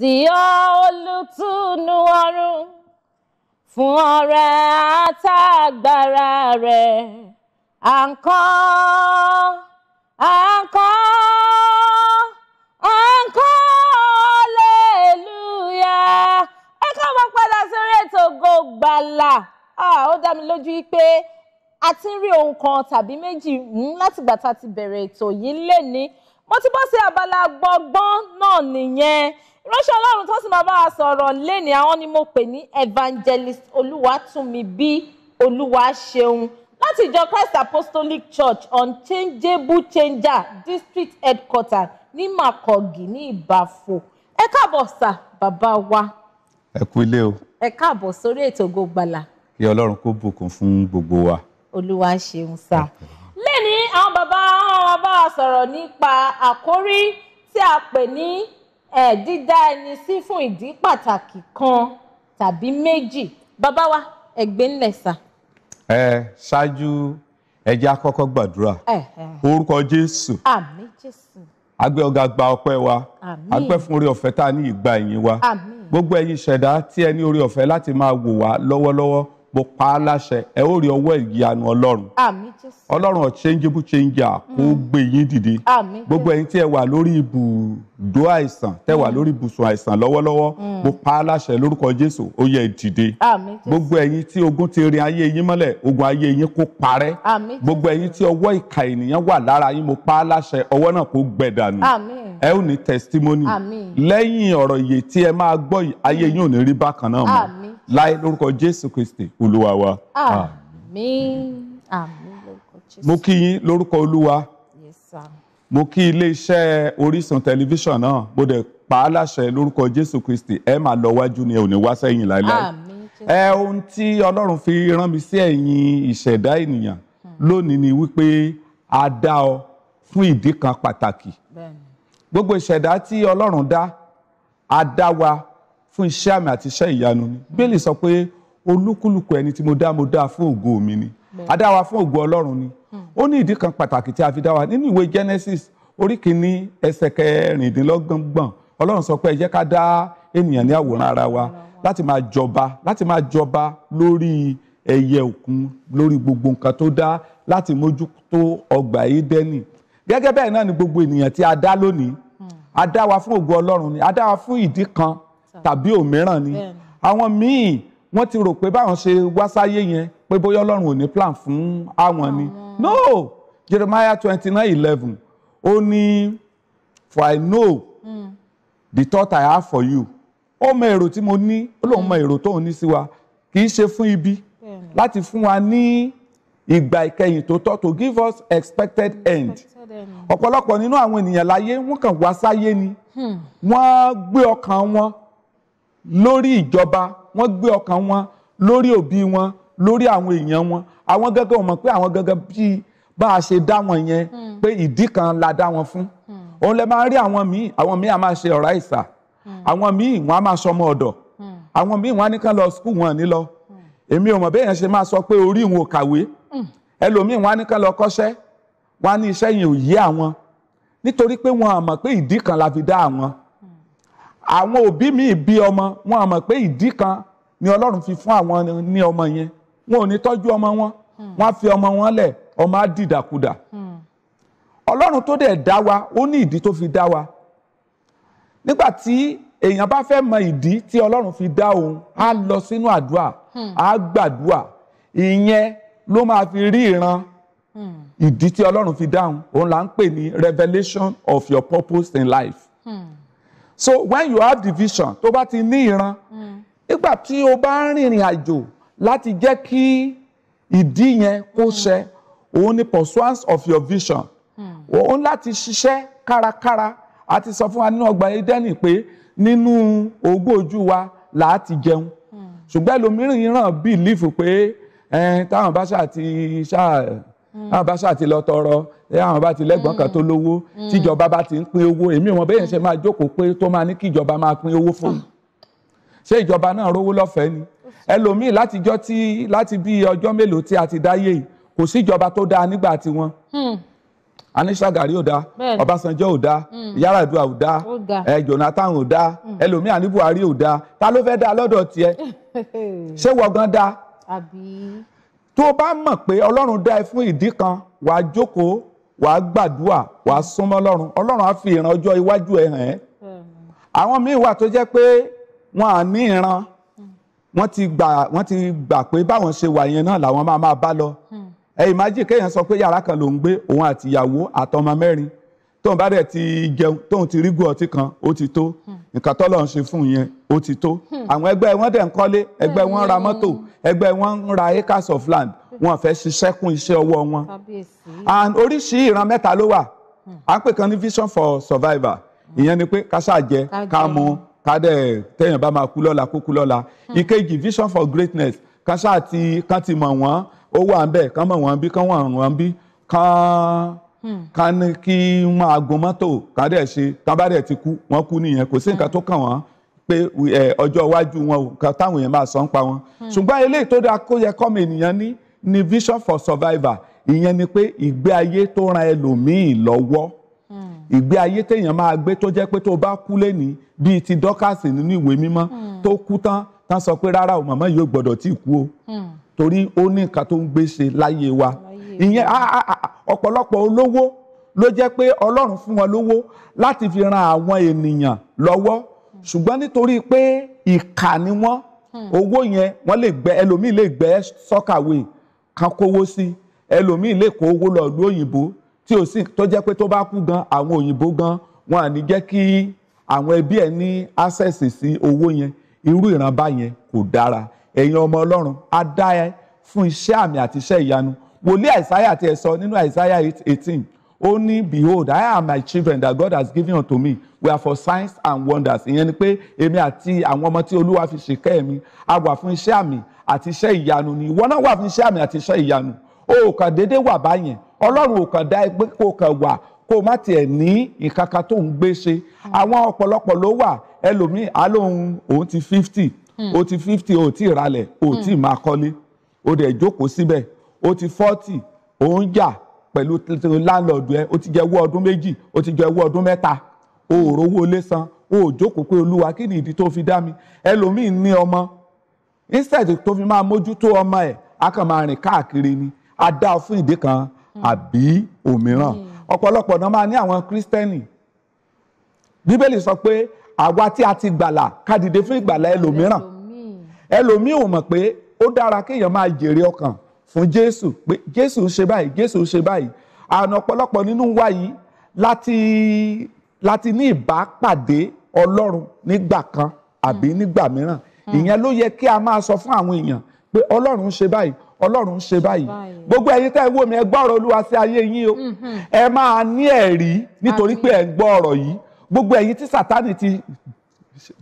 Tìyọ́ olùtùnú ọ̀run fún ọrẹ àtàgbára rẹ̀ à ń kọ́ à ń kọ́ à ń kọ́ aleluya. ẹ kọ́ mọ́ padà sórí ètò Ògo ó dá mi lójú pé a ti ń rí ohun kan tàbí méjì hmm, látìgbà tá a ti bẹ̀rẹ̀ ètò yìí lénìí mo ti bọ́ sí abala gbọ̀ngbọ́n náà nìyẹn ìránṣẹ́ ọlọ́run tó sì máa bá wa sọ̀rọ̀ lénìí àwọn ni mo pè ní evangelist olúwatúnmibí olúwaṣeun láti ìjọ christ apostolic church unchangeable changer district headquarter ní makogi ní ìbàfò ẹ káàbọ̀ sà bàbá wa. ẹ kú ilé o. ẹ káàbọ̀ sórí ètò Ògo Ìgbàlà. kí ọlọ́run kó bùkún fún gbogbo wa. olúwa ṣeun sà. Okay máa bá wa sọ̀rọ̀ nípa àkórí tí a pè ní dídá ẹni sí fún ìdí pàtàkì kan tàbí méjì bàbá wa ẹgbẹ́ ńlẹ̀ sà. ẹ ṣáájú ẹjẹ àkọ́kọ́ gbàdúrà orúkọ Jésù àmín Jésù agbẹ́ ọ̀gá gba ọpẹ́ wa àmín agbẹ́ fún orí ọ̀fẹ́ tá a ní ìgbà ẹ̀yìn wa àmín gbogbo ẹ̀yin ṣẹ̀dá tí ẹ ní orí ọ̀fẹ́ láti máa wò wá lọ́wọ́lọ́wọ́ mo pa á láṣẹ ẹ ó rí ọwọ́ ìyanu ọlọ́run ọlọ́run ọ̀chẹ́njẹ́bù chẹ́njà kó mm. gbé yín dìde gbogbo ẹ̀yin tí ẹ wà lórí ibùdó àìsàn tẹ wà mm. lórí ibùsùn àìsàn lọwọlọwọ, mm. mo pa á láṣẹ lórúkọ jésù ó yẹ dìde gbogbo ẹ̀yin tí ogun ti rin ayé yín mọ́lẹ̀ ogun ayé yín kó parẹ́ gbogbo ẹ̀yin tí ọwọ́ ìka ènìyàn wà lára yín mo pa á láṣẹ ọwọ́ náà kó gbẹ dànù ẹ ò ní testimony lẹ́yìn ọ̀rọ̀ ìyè láì lórúkọ jésù kristi olúwa wa. àmín àmín lórúkọ jésù. mo kí yín lórúkọ olúwa. yes sir. mo kí iléeṣẹ́ orísun tẹlifíṣàn náà mo dẹ̀ pa á láṣẹ lórúkọ jésù kristi ẹ máa lọ wájú ni ẹ ò ní wá sẹ́yìn láéláé. àmín jésù. ẹ ohun tí ọlọ́run fi rán mi sí ẹ̀yin ìṣẹ̀dá ènìyàn lónìí ni wípé a dá ọ fún ìdí kan pàtàkì. gbogbo ìṣẹ̀dá tí ọlọ́run dá a dá wa fún iṣẹ́ àmì àti iṣẹ́ ìyanu ni bíbélì sọ pé olúkúlùkù ẹni tí mo dá mo dá fún ògo mi ni a dá wa fún ògo ọlọ́run ni hmm. ó ní ìdí kan pàtàkì tí a fi dá wa nínú ìwé Genesis orí kìíní ẹsẹ̀ kẹrìndínlọ́gbọ̀n ọlọ́run sọ pé ẹ jẹ́ ká dá ènìyàn ní àwòrán ara wa láti máa jọba láti máa jọba lórí ẹyẹ òkun lórí gbogbo nǹkan tó dá láti mójútó ọgbà Édẹ́nì gẹ́gẹ́ bẹ́ẹ̀ náà ni gbogbo ènìyàn tí a dá lónìí hmm. a dá wa fún ògo ọlọ́run ni a dá wa fún ìdí kan tàbí òmíràn ni àwọn míì wọ́n ti rò pé báwọn ṣe wá sáyé yẹn pé bóyá ọlọ́run ò ní plan fún àwọn ni no Jeremiah twenty nine eleven ó ní for I know hmm. the thought I have for you ó mọ èrò tí mo ní ó lóun mọ hmm. èrò tóun ní sí wa kì í ṣe fún ibi láti fún wa ní ìgbà ìkẹyìn tó tọ́ to give us expected hmm, end ọ̀pọ̀lọpọ̀ nínú àwọn ènìyàn láyé wọ́n kàn wá sáyé ni wọ́n gbé ọkàn wọn lórí ìjọba wọ́n gbé ọkàn wọn lórí òbí wọn lórí àwọn èèyàn wọn àwọn gẹ́gẹ́ wọ́n mọ̀ pé àwọn gẹ́gẹ́ bíi bá a ṣe dá wọn yẹn hmm. pé ìdí kan la dá wọn fún hmm. òun lè máa rí àwọn míì àwọn míì a máa ṣe ọ̀rá ìsà hmm. àwọn míì wọn a máa sọmọ ọ̀dọ̀ àwọn míì wọn á ní kán lọ skul wọn ní lọ èmi ò mọ̀ bẹ́ẹ̀ yẹn ṣe máa sọ pé orí wọn ò kàwé ẹlòmíì wọn á ní kán lọ kọ́ṣẹ́ wọn á ní iṣẹ́ yẹn ò yé àwọn nítorí pé wọn àmọ̀ pé ìdí kan la fi dá àwọn àwọn òbí mi bí ọmọ wọn àmọ̀ pé ìdí kan ni ọlọ́run fi fún àwọn ní ọmọ yẹn wọn ò ní tọ́jú ọmọ wọn hmm. wọn á fi ọmọ wọn lẹ̀ ọmọ á dìdàkudà hmm. ọlọ́run tó dẹ̀ dá wa ó ní ìdí tó fi dá wa nígbà tí èèyàn bá fẹ́ mọ ìdí tí ọlọ́run fi dá òun á lọ sínú àdúrà hmm. á gbàdúrà ìyẹn ló máa fi rí ìran ìdí tí ọlọ́run fi dáhùn òun là ń pè ní revelation of your purpose in life. Hmm so when you have division tó bá ti ní ìran hmm. nígbà tí o bá ń rìnrìn àjò láti jẹ́ kí ìdí yẹn kó hmm. ṣẹ òun ni pursuance of your vision hmm. òun láti ṣiṣẹ́ kárakára a ti sọ fún wa nínú ọgbà Édẹ́nì pé nínú ogójú wa là á ti jẹun ṣùgbọ́n ẹlòmíràn yìí ràn bílífù pé táwọn bá ṣáà ti ṣáà táwọn bá ṣáà ti lọ tọrọ àwọn bá ti lẹ́gbọ̀n kan tó mm. lówó mm. tíjọba bá ti ń pín owó èmi wọn bẹ́ẹ̀ ṣe máa jókòó pé tó máa ní kí ìjọba máa pín owó fún mi ṣé ìjọba náà rówó lọ́fẹ̀ẹ́ ni ẹlòmíì látijọ́ tí láti bí ọjọ́ mélòó tí a ti dáyé yìí kò síjọba tó dáa nígbà tiwọn hmm. Anisha Gari ò dáa Ọbásanjọ́ ò dáa hmm. Yar'Adua ò dáa ẹ Jonathan ò dáa hmm. ẹlòmíì àní Buhari ò dáa ta ló fẹ́ dáa lọ́dọ̀ tiẹ̀ ṣé wọgán dáa tó o bá mọ̀ pé Ọlọ́run dá ẹ fún ìdí kan wàá jókòó wàá gbàdúà wàá súnmọ́ ọlọ́run ọlọ́run á fi ìran ọjọ́ iwájú ẹ hàn ẹ́ àwọn míì wà tó jẹ́ pé wọn à ní ìran wọ́n ti gbà wọ́n ti gbà pé báwọn ṣe wà yẹn náà làwọn máa máa bá lọ ẹ ìmájì kéèyàn sọ pé yàrá kan ló ń gbé òun àti ìyàwó àtọmọ mẹ́rin tóun bá dẹ̀ ti jẹun tóun ti rígò ọtí kan ó ti tó nǹkan tọ́lọ̀ ń ṣe fún yẹn ó ti tó àwọn ẹgbẹ́ wọn dẹ̀ ń kọ́lé ẹgbẹ́ wọn ra mọ́tò ẹgbẹ́ wọn ń ra acres of land wọn fẹ́ ṣiṣẹ́ kún iṣẹ́ ọwọ́ wọn and oríṣi ìran mẹ́ta ló wà hmm. à ń pè kan ní vision for survival, hmm. ìyẹn ni pé ká ṣàjẹ ká mu ká dẹ̀ téèyàn bá máa kú lọ́la kó kú lọ́la hmm. ìkejì vision for greatness ká ṣáà ti kán ti mọ̀ wọ́n ó wà ń bẹ̀ kán mọ̀ wọ́n bí kán wọ̀ wọ́n bí kán ká ní kí máa gun mọ́tò ká dẹ̀ ṣe ká bá dẹ̀ ti kú wọ́n kú nìyẹn kò sí nǹkan tó kàn wọ́n pé ọjọ́ iwájú wọn ò táwọn èèyàn máa sọ ń pa wọn ṣùgbọ́n eléyìí tó dáa kó yẹ kọ́mọ ènìyàn ní ni vision for survivor ìyẹn ni pé ìgbé ayé tó ran ẹlòmíì lọ́wọ́ hmm. ìgbé ayé téèyàn máa gbé tó jẹ́ pé tó bá kú lẹ́ni bíi ti dọ́kàsì nínú ìwé mímọ́ hmm. tó kú tán tán sọ pé rárá o màmá yóò gbọ́dọ̀ tí ì kú o hmm. torí ó ní nǹkan tó ń gbé ṣe láyé wa ìyẹn ọ̀pọ̀lọpọ̀ olówó ló jẹ́ pé ọlọ́run fún wọn lówó láti fi ran àwọn ènìyàn lọ́wọ́ ṣùgbọ́n nítorí pé ìkà ni wọ́n owó yẹn wọ́n lè gbẹ ẹlòmíì lè gbẹ sọ́kàwé. So kan kówó sí ẹlòmíì lè kó owó lọ ìlú òyìnbó tí ò sì tó jẹ́ pé tó bá kú gan àwọn òyìnbó gan wọn à ní jẹ́ kí àwọn ẹbí ẹ̀ ní access sí owó yẹn irú ìrànbá yẹn kò dára ẹ̀yin ọmọ ọlọ́run á dá ẹ fún iṣẹ́ àmì àti iṣẹ́ ìyanu wòlíì àìsáyà tí ẹ sọ nínú àìsáyà eighteen ó ní behold i am my children that god has given unto me we are for signs and wonders ìyẹn ni pé èmi àti àwọn ọmọ tí olúwa fi ṣèkẹ́ mi a wà fún iṣẹ́ àmì àti iṣẹ́ ìyanu ni ìwọ náà wà fún iṣẹ́ àmì àti iṣẹ́ ìyanu o kàn déédéé wà báyẹn ọlọ́run ò kàn dá ẹ pé kò kàn wà kó má tiẹ̀ ní nǹkan tó ń gbé ṣe àwọn ọ̀pọ̀lọpọ̀ ló wà ẹlòmíì alóhun òun ti fifty hmm. o ti fifty o ti ìralẹ̀ o hmm. ti máa kọ́lé o dẹ̀ jókòó síbẹ̀ o ti forty o ń jà pẹ̀lú láńlọ́ọ̀dù ẹ o ti jẹ owó ọdún méjì o ti jẹ owó ọdún mẹ́ta o ò rówó ilé san o ò jókòó pé olúwa kí ni ìdí tó fi dá mi ẹlòmíì ní ọmọ instead tó fi máa mójútó ọmọ ẹ̀ a kàn máa rìn káàkiri ni a dá ọ fún ìdí kan àbí òmíràn hmm. ọ̀pọ̀lọpọ̀ náà máa ní àwọn kírísítẹ́nì bíbélì sọ pé àwa tí a ti gbàlà ká dìde fún ìgbàlà ẹlòmíràn ẹlòmíì ò mọ̀ pé ó dára kéèyàn máa jèrè ọkàn fún jésù pé jésù ń ṣe báyìí jésù ń ṣe báyìí àna ọ̀pọ̀lọpọ̀ nínú wa yìí láti láti ní ìbápàdé ọlọ́run nígbà kan àbí hmm. nígbà mìíràn Hmm. ìyẹn ló yẹ kí a máa sọ fún àwọn èèyàn pé ọlọ́run ń ṣe báyìí ọlọ́run ń ṣe báyìí gbogbo ẹ̀yin tẹ́ ẹ wò mí ẹ gbọ́ ọ̀rọ̀ olúwa sí ayé yín o hmm, hmm. ẹ máa ní ẹ̀rí nítorí pé ẹ ń gbọ́ ọ̀rọ̀ yìí gbogbo ẹ̀yin tí sátánì ti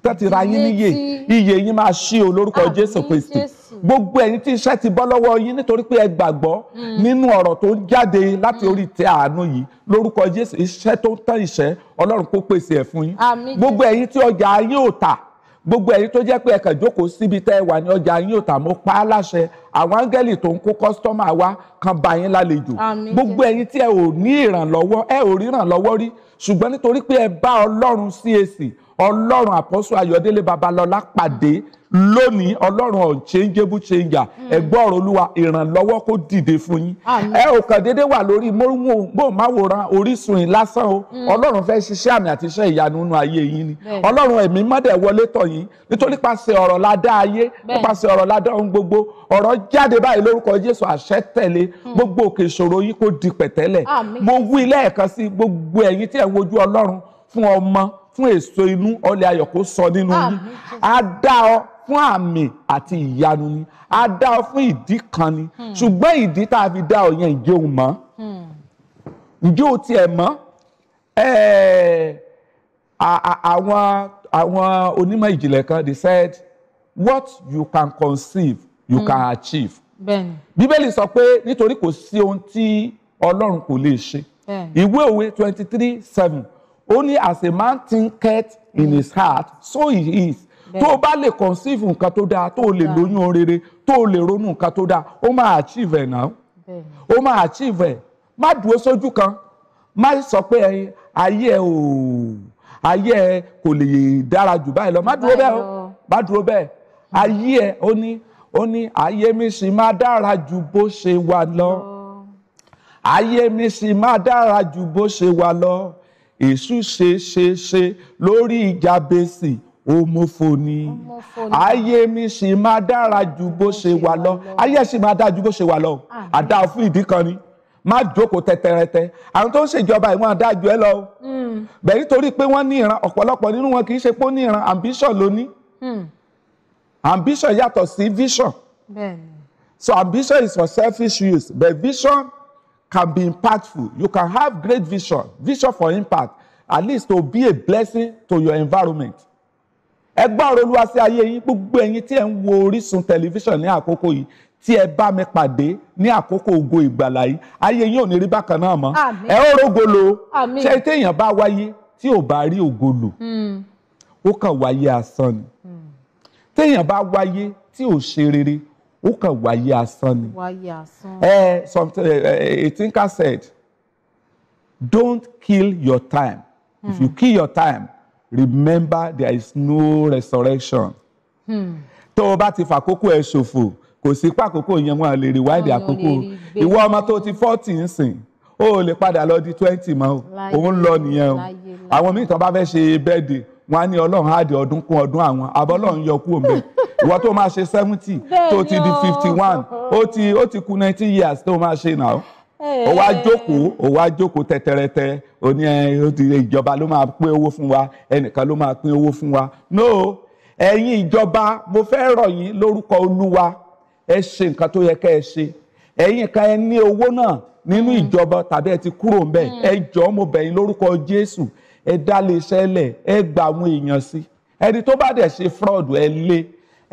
tẹ́tí ra yín níyè iyè yín máa ṣí o lórúkọ jésù kristi gbogbo ẹ̀yin tí iṣẹ́ ti bọ́ lọ́wọ́ yín nítorí pé ẹ gbàgbọ́ nínú ọ̀rọ̀ tó ń jáde láti orí ìtẹ́ àánú yìí lórúkọ jésù iṣẹ́ tó ń tán ìṣẹ́ ọlọ́run kó pèsè ẹ̀ fún yín gbogbo ẹ̀yin tí ọjà yín ò tà gbogbo ẹ̀yin tó jẹ́ pé ẹ kàn jókòó síbi tẹ́ wà ní ọjà yín ò tà pa á láṣẹ àwọn áńgẹ́lì tó ń kó kọ́sítọ́mà wa kan bá yín lálejò gbogbo ẹ̀yin tí ẹ ò ní ìrànlọ́wọ́ ẹ ò rí ìrànlọ́wọ́ rí ṣùgbọ́n nítorí pé ẹ bá ọlọ́run CAC ọlọ́run àpọ́sù ayọ̀délé babalọ́lá pàdé lónìí ọlọ́run unchangeable changer hmm. ẹ̀gbọ́n ọ̀rọ̀ olúwa ìrànlọ́wọ́ kó dìde fún yín ẹ ò kàn déédéé wà lórí móhùnmáwòrán orísun yìí lásán o hmm. ọlọ́run fẹ́ ṣiṣẹ́ àmì àti iṣẹ́ ìyanu nínú ayé yín ni ọlọ́run ẹ̀mí mọ́dẹ̀ wọlé tọ̀ yín nítorí pàṣẹ ọ̀rọ̀ la dá ayé nípasẹ̀ ọ̀rọ̀ la dá ohun gbogbo ọ̀rọ̀ jáde báyìí lórúkọ jésù àṣẹ tẹ̀lé hmm. gbogbo òkè ìṣòro yín kó di pẹ̀tẹ́lẹ̀ mo wí lẹ́ẹ̀kan sí gbogbo ẹ̀yin tí ẹ̀ wojú ọlọ́run fún ọmọ fún èso inú ọlẹ̀ ayọ̀ kó sọ nínú yín á dá ọ fún àmì àti ìyanu ni a dá ọ fún ìdí kan ni hmm. ṣùgbọ́n ìdí tá a fi dá ọ yẹn ǹjẹ́ o mọ̀ hmm. ǹjẹ́ o tiẹ̀ mọ̀ àwọn onímọ̀ ìjìnlẹ̀ kan they said what you can conceive you hmm. can achieve bíbélì sọ pé nítorí kò sí ohun tí ọlọ́run kò lè ṣe ìwé òwe twenty three seven Only as a man thinketh in his heart so he is tó o bá lè conceive nǹkan tó dáa tó o lè lóyún orere tó lè ronú nǹkan tó dáa ó máa achieve ẹ̀ náà ó máa achieve ẹ̀ má dúró sójú kan má sọ pé ayé ẹ ò ayé ẹ kò lè dára jù báyìí lọ má dúró bẹ́ẹ̀ má dúró bẹ́ẹ̀ ayé ẹ ó ní ó ní ayé mi sì máa dára ju bó ṣe wà lọ ayé mi sì máa dára ju bó ṣe wà lọ èṣù ṣe ṣe ṣe lórí ìjà bẹ́sì Homophony. ni ayé mi sì máa dára ju bó ṣe wà lọ ayé sì máa dára ju bó ṣe wà lọ àdá fún ìdí kan ni má jókòó tẹtẹrẹtẹ àwọn tó ń ṣèjọba ìwọn adájú ẹ lọ o hmm. bẹ́ẹ̀ nítorí pé wọ́n ní ìran ọ̀pọ̀lọpọ̀ nínú wọn kì í ṣe pé ó ní ìran ambition ló ní hmm. ambition yàtọ̀ sí vision so ambition is for selfish use but vision can be impactful you can have great vision vision for impact at least to be a blessing to your environment ẹgbọ́n ọ̀rọ̀ olúwa sí ayé yín gbogbo ẹ̀yin tí ẹ̀ ń wo Orísun tẹlifíṣàn ní àkókò yìí tí ẹ bá mi pàdé ní àkókò ògo ìgbàlà yìí ayé yín ò ní rí bákan náà mọ́ ẹ ó rógolo ṣé téèyàn bá wáyé tí ò bá rí ògo hmm. ó kàn wáyé asán ni hmm. téèyàn bá wáyé tí ò ṣe rere ó kàn wáyé asán ni ẹ something a thinker said don't kill your time if hmm. you kill your time remember there is no resurrection. Hmm. tó o bá ti fàkókò ẹ ṣòfò kò sí pàkókò yẹn wọn lè rewind àkókò ìwọ ọmọ tó ti forty ń sìn ó lè padà lọ di twenty mọ́ òun lọ nìyẹn o àwọn míì tán bá fẹ́ ṣe bẹ́ẹ̀dì wọn á ní ọlọ́run á di ọdún kún ọdún àwọn àbọ̀ ọlọ́run yọ kú òmìnir ìwọ tó máa ṣe seventy tó ti di fifty one ó ti ó nineteen years tó máa ṣe náà ó wá eh. jókòó ó wá jókòó tẹ́tẹ́rẹ́tẹ́ ó ní eh, ìjọba ló máa pín owó fún wa ẹnìkan ló máa pín owó fún wa no ẹ̀yin ìjọba mo fẹ́ rọ̀ yín lórúkọ olúwa ẹ ṣe nǹkan tó yẹ ká ẹ ṣe ẹ̀yin kan ẹ ní owó náà nínú mm. ìjọba tàbí ẹ ti kúrò ń bẹ̀ mm. ẹ jọ̀ọ́ mo bẹ̀ yín lórúkọ jésù ẹ dá lè ṣẹlẹ̀ ẹ gba àwọn èèyàn sí ẹni tó bá dẹ̀ ṣe fraud ẹ lé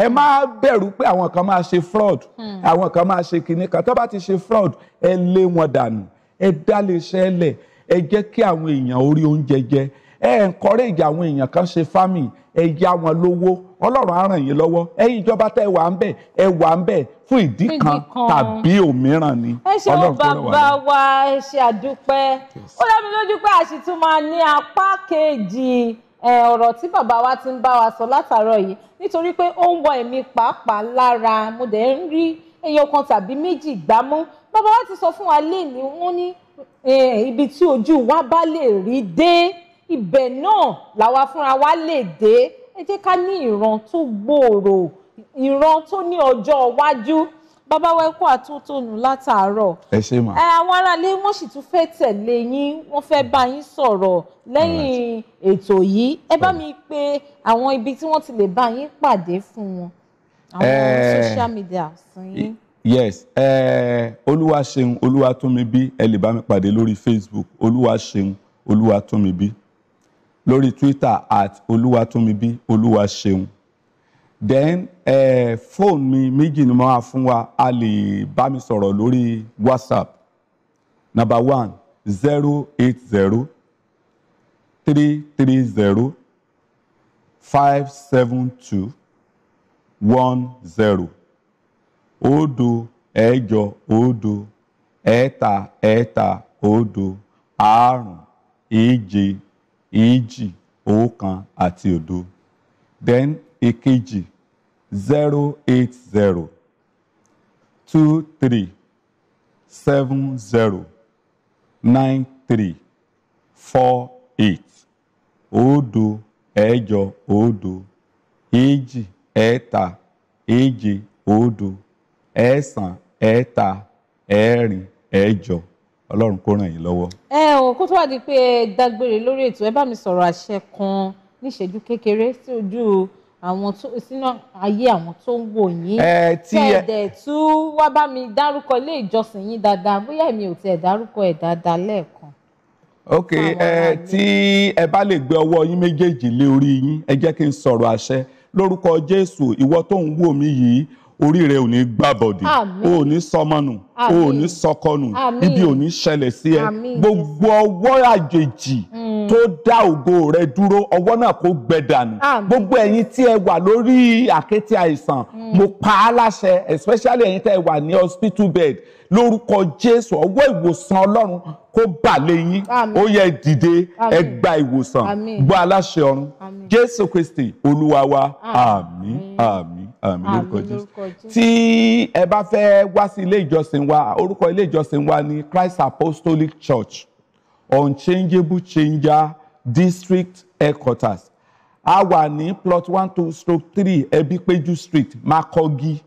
ẹ má bẹ̀rù pé àwọn kan máa ṣe fraud hmm. àwọn kan máa ṣe kinní kan tó bá ti ṣe fraud ẹ lé wọn dànù ẹ dálé iṣẹ́ lẹ̀ ẹ jẹ́ kí àwọn èèyàn orí oúnjẹ jẹ ẹ encourage àwọn èèyàn kan ṣe farming ẹ yá wọn lówó ọlọ́run á ràn yín lọ́wọ́ ẹ̀yin ìjọba tẹ́ wà ń bẹ̀ ẹ wà ń bẹ̀ fún ìdí kan tàbí òmíràn ni ọlọ́run tó lọ́wọ́ rẹ̀. ẹ ṣe bàbá wa ẹ ṣe àdúpẹ́ ó dá mi lójú pé a sì tún máa ní apá kejì ọ̀rọ̀ tí bàbá wa ti ń bá wa sọ látàárọ̀ yìí nítorí pé ó ń wọ ẹ̀mí pàápàá lára mo dẹ̀ ń rí èèyàn kan tàbí méjì gbámú bàbá wa ti sọ fún wa léèní wọ́n ní ibi tí ojú wa bá lè rí dé ibẹ̀ náà làwa fúnra wa lè dé ẹ jẹ́ ká ní ìran tó gbòòrò ìran tó ní ọjọ́ iwájú bàbá wa ẹ àtúntònù látàárọ̀. ẹ ṣe mà. ẹ àwọn aráalé wọn sì tún fẹ́ tẹ̀lé yín wọ́n fẹ́ bá yín sọ̀rọ̀ lẹ́yìn ètò yìí ẹ bá mi pè àwọn ibi tí wọ́n ti lè bá yín pàdé fún wọn àwọn social media fún yín. yes olúwaṣeun olúwatómibí ẹ lè bá mi pàdé lórí facebook olúwaṣeun olúwatómibí lórí twitter at olúwatómibí olúwaṣeun then fóònù mi méjì ni mo máa fún wa a lè bá mi sọ̀rọ̀ lórí whatsapp number one zero eight zero three three zero five seven two one zero òdo ẹ̀jọ òdo ẹ̀ta ẹ̀ta òdo àrùn èje èjì ọ̀kan àti òdo then èkejì zero eight zero two three seven zero nine three four eight òdo ẹ̀jọ òdo èjì ẹ̀ta èje òdo ẹ̀sán ẹ̀ta ẹ̀rin ẹ̀jọ ọlọ́run kó ràn yín lọ́wọ́. ẹ ò kó tó wá di pé dágbére lórí ètò ẹ bá mi sọ̀rọ̀ àṣẹ kan níṣẹ́jú kékeré sí ojú. Si àwọn tó sínú ayé àwọn tó ń wò yín kẹ̀dẹ̀ tú wá bá mi dárúkọ ilé ìjọsìn yín dáadáa bóyá èmi ò tiẹ̀ dárúkọ ẹ̀ dáadáa lẹ́ẹ̀kan. ok ẹ tí ẹ bá lè gbé ọwọ́ yín méjèèjì lé orí yín ẹ jẹ́ kí n sọ̀rọ̀ àṣẹ lórúkọ jésù ìwọ tó ń wò mí yìí orí rẹ ò ní gbàbọdè o ò ní sọmọnù o ò ní sọkọnù ibi ò ní ṣẹlẹ̀ sí ẹ gbogbo ọwọ́ àjèjì mm tó dá ògo rẹ dúró ọwọ́ náà kó gbẹ dànù gbogbo ẹ̀yin tí ẹ wà lórí àkéte àìsàn hmm. mo pa á láṣẹ especially ẹ̀yin tẹ́ ẹ wà ní hospital bed lórúkọ Jésù ọwọ́ ìwòsàn Ọlọ́run kó bà lé yín ó yẹ dìde ẹ gba ìwòsàn gbọ́ aláṣẹ ọ̀run Jésù Kristi Olúwa wa àmín àmín àmì lórúkọ jésù tí ẹ bá fẹ́ wá sí ilé ìjọsìn wa orúkọ ilé ìjọsìn wa ni Christ Apostolic Church unchangeable changer district headquarters a wà ní plot one two stroke three ẹbípéjú street makogi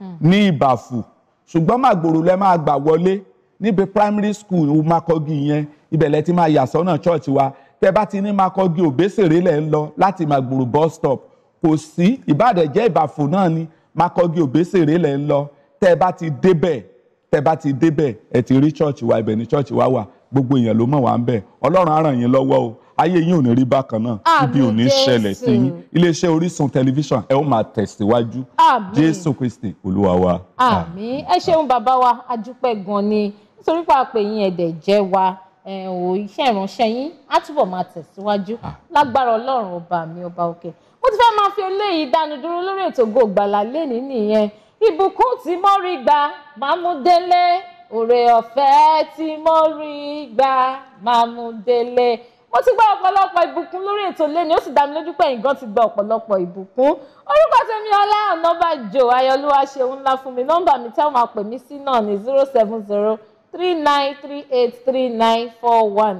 mhm. ní ìbàfù ṣùgbọ́n màgbòrò lẹ máa gbà wọlé níbi primary school makogi yẹn ibẹ̀lẹ̀ tí máa yà sọ́nà church wa tẹ bá ti ní makogi òbésèré lẹ̀ ń lọ láti màgbòrò bus stop kò sí ìbàdẹ̀jẹ́ ìbàfù náà ni makogi òbésèré lẹ̀ ń lọ tẹ bá ti débẹ̀ tẹ bá ti débẹ̀ ẹ ti rí church wa ibẹ̀ ni church wa wà gbogbo èèyàn ló mọ̀ wá ń bẹ̀ ọlọ́run á ràn yín lọ́wọ́ o ayé yín ò ní rí bákan náà ibi ò ní ṣẹlẹ̀ sí yín iléeṣẹ́ Orísun tẹlifíṣàn ẹ ó máa tẹ̀síwájú Jésù Kristi Olúwa wa. àmín ẹ ṣeun bàbá wa adúpẹ́ gan ni nítorí pé àpè yín ẹ̀dẹ̀ jẹ́ wa ẹ̀wò iṣẹ́ ìránṣẹ́ yín á túbọ̀ máa tẹ̀síwájú lágbára ọlọ́run ọba mi ọba òkè mo ti fẹ́ máa fi eléyìí dánu dúró lórí ètò Ògo Ìgbàlà lẹ́ni nìyẹn ìbùkún tí mo rí gbà máa mú délé òrè ọ̀fẹ́ tí mo rí gbà máa mú délé mo ti gba ọ̀pọ̀lọpọ̀ ìbùkún lórí ètò lẹ́ni ó sì dá mi lójú pé ẹ̀yin gan ti gba ọ̀pọ̀lọpọ̀ ìbùkún orúkọ tèmi Ọlá Ọ̀nàbàjò ayọ̀lúwa ṣeun ńlá fún mi nọ́mbà mi tẹ́ máa pè sí náà ní zero seven zero three nine three eight three nine four one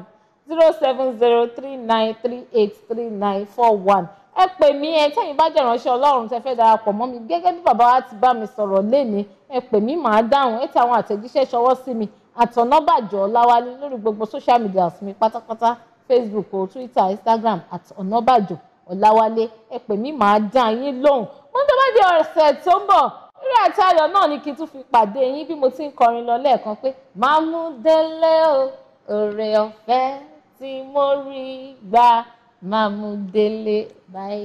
zero seven zero three nine three eight three nine four one ẹ pè mí ẹ tẹ́yìn bá jẹ́ ìránṣẹ́ ọlọ́run tẹ́ fẹ́ darapọ̀ mọ́ mi gẹ́gẹ́ bí bàbá wa ti bá mi sọ̀rọ̀ lénìí ẹ pè mí màá dáhùn ẹ ti àwọn àtẹ̀jíṣẹ́ ṣọwọ́ sí mi àtọ̀nàbàjọ́ ọ̀làwálé lórí gbogbo social media mi pátápátá facebook o twitter instagram àtọ̀nàbàjọ́ ọ̀làwálé ẹ pè mí màá dá yín lóhùn wọ́n tó bá di ọ̀sẹ̀ tó ń bọ̀ rírà àti ayọ̀ náà ni kí tún fi pàdé yín bí mo ti ń kọrin lọ lẹ́ẹ̀kan pé máa mú délé o òrè ọ̀fẹ́ tí mo rí gbà मामू दिल्ली भाई